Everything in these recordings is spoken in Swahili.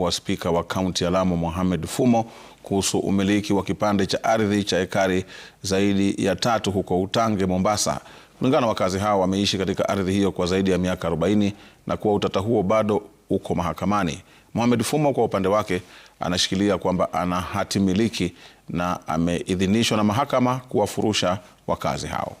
wa spika wa kaunti ya Lamu Mohamed Fumo kuhusu umiliki wa kipande cha ardhi cha ekari zaidi ya tatu huko Utange, Mombasa. Kulingana na wakazi hao, wameishi katika ardhi hiyo kwa zaidi ya miaka 40 na kuwa utata huo bado uko mahakamani. Mohamed Fumo kwa upande wake anashikilia kwamba ana hati miliki na ameidhinishwa na mahakama kuwafurusha wakazi hao.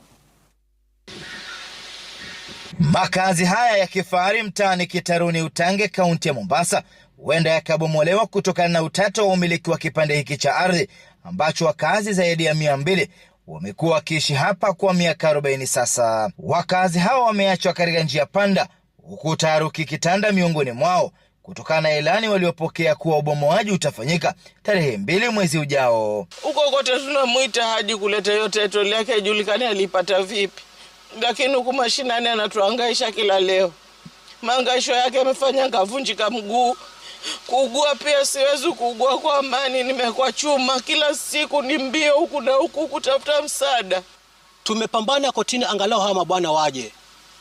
Makazi haya ya kifahari mtaani Kitaruni, Utange, kaunti ya Mombasa huenda yakabomolewa kutokana na utata wa umiliki wa kipande hiki cha ardhi ambacho wakazi zaidi ya mia mbili wamekuwa wakiishi hapa kwa miaka arobaini sasa. Wakazi hawa wameachwa katika njia panda, huku taharuki kitanda miongoni mwao kutokana na ilani waliopokea kuwa ubomoaji utafanyika tarehe mbili mwezi ujao. Huko kote tunamwita hadi kuleta hiyo title yake ijulikane alipata vipi, lakini huku mashinani anatuangaisha kila leo. Maangaisho yake amefanya ngavunjika mguu Kuugua pia siwezi kuugua kwa amani, nimekuwa chuma kila siku, ni mbio huku na huku kutafuta msaada. Tumepambana kotini, angalau hawa mabwana waje,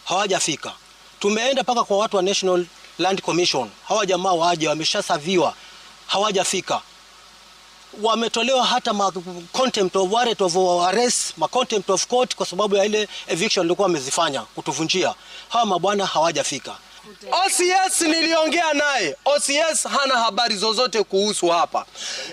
hawajafika. Tumeenda mpaka kwa watu wa National Land Commission, hawa jamaa waje, wameshasaviwa, hawajafika. Wametolewa hata ma contempt of warrant of arrest, ma contempt of court kwa sababu ya ile eviction walikuwa wamezifanya kutuvunjia. Hawa mabwana hawajafika. OCS niliongea naye. OCS hana habari zozote kuhusu hapa.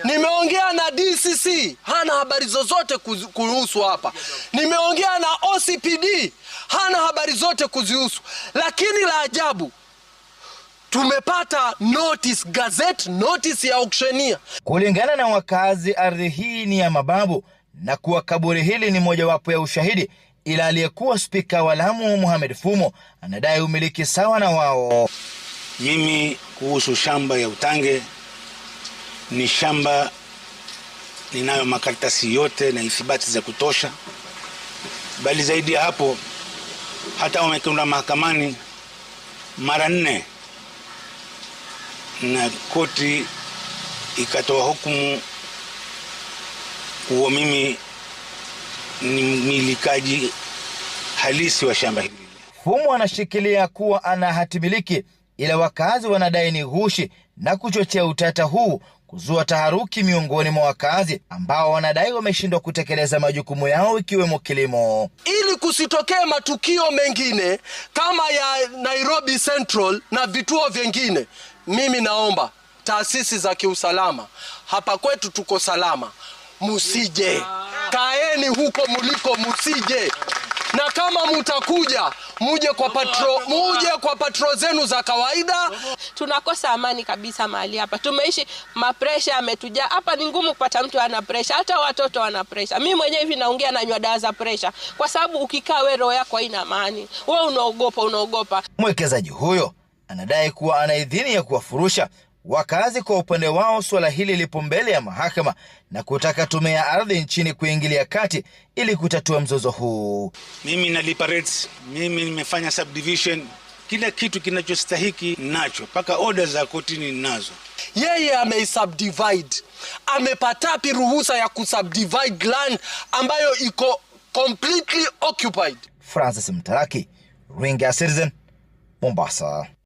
Nimeongea na DCC, hana habari zozote kuhusu hapa. Nimeongea na OCPD, hana habari zote kuzihusu. Lakini la ajabu tumepata notice, gazette notice ya auctioneer. Kulingana na wakazi, ardhi hii ni ya mababu na kuwa kaburi hili ni mojawapo ya ushahidi ila aliyekuwa spika wa Lamu Mohamed Fumo anadai umiliki sawa na wao. Mimi kuhusu shamba ya Utange ni shamba ninayo makaratasi yote na ithibati za kutosha, bali zaidi ya hapo, hata wamekenda mahakamani mara nne na koti ikatoa hukumu kuwa mimi ni mmilikaji halisi wa shamba hili. fumu anashikilia kuwa ana hatimiliki, ila wakazi wanadai ni ghushi na kuchochea utata huu kuzua taharuki miongoni mwa wakazi ambao wanadai wameshindwa kutekeleza majukumu yao ikiwemo kilimo. Ili kusitokee matukio mengine kama ya Nairobi Central na vituo vyengine, mimi naomba taasisi za kiusalama hapa kwetu tuko salama, musije Endeni huko muliko, musije na kama mutakuja muje kwa patro, muje kwa patro zenu za kawaida. Tunakosa amani kabisa mahali hapa, tumeishi mapresha yametujaa hapa. Ni ngumu kupata mtu ana presha, hata watoto wana presha. Mimi mwenyewe hivi naongea nanywa dawa za presha, kwa sababu ukikaa wewe roho yako haina amani, wewe unaogopa, unaogopa. Mwekezaji huyo anadai kuwa ana idhini ya kuwafurusha Wakazi kwa upande wao, suala hili lipo mbele ya mahakama na kutaka tume ya ardhi nchini kuingilia kati ili kutatua mzozo huu. Mimi naliparate, mimi nimefanya subdivision, kila kitu kinachostahiki nacho, mpaka oda za kotini nazo. Yeye ameisubdivide, amepatapi ruhusa ya kusubdivide land ambayo iko completely occupied. Francis Mtaraki, Ringa Citizen, Mombasa.